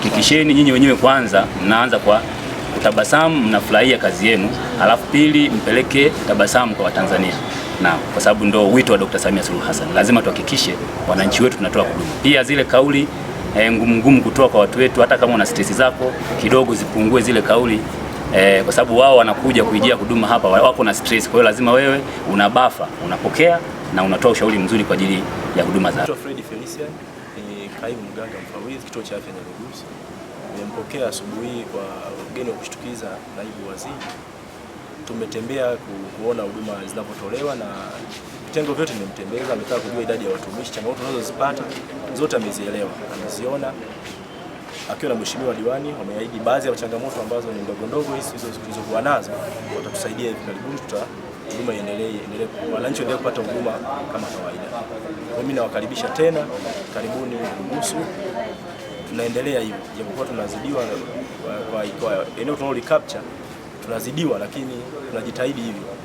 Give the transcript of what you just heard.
hakikisheni nyinyi wenyewe kwanza mnaanza kwa kutabasamu, mnafurahia kazi yenu, alafu pili mpeleke tabasamu kwa Watanzania na kwa sababu ndo wito wa Dr. Samia Suluhu Hassan, lazima tuhakikishe wananchi wetu tunatoa huduma. Pia zile kauli eh, ngumu ngumu kutoa kwa watu wetu, hata kama una stress zako kidogo zipungue zile kauli eh, kwa sababu wao wanakuja kuijia huduma hapa, wako na stress. Kwa hiyo lazima wewe unabafa, unapokea na unatoa ushauri mzuri kwa ajili ya huduma za ni kaimu mganga mfawidhi kituo cha afya Nyarugusu. Nimempokea asubuhi kwa ugeni wa kushtukiza naibu waziri. Tumetembea kuona huduma zinavyotolewa na vitengo vyote nimemtembeza, ametaka kujua idadi ya watumishi, changamoto tunazozipata zote amezielewa, ameziona. Akiwa na mheshimiwa diwani, wameahidi baadhi ya changamoto ambazo ni ndogo ndogo hizo zilizokuwa nazo watatusaidia hivi karibuni tuta huduma iendelee, wananchi waendelee kupata huduma kama kawaida. Mimi nawakaribisha tena, karibuni Bubusu, tunaendelea hivyo, japokuwa tunazidiwa kwa eneo tunalo recapture tunazidiwa, lakini tunajitahidi hivyo.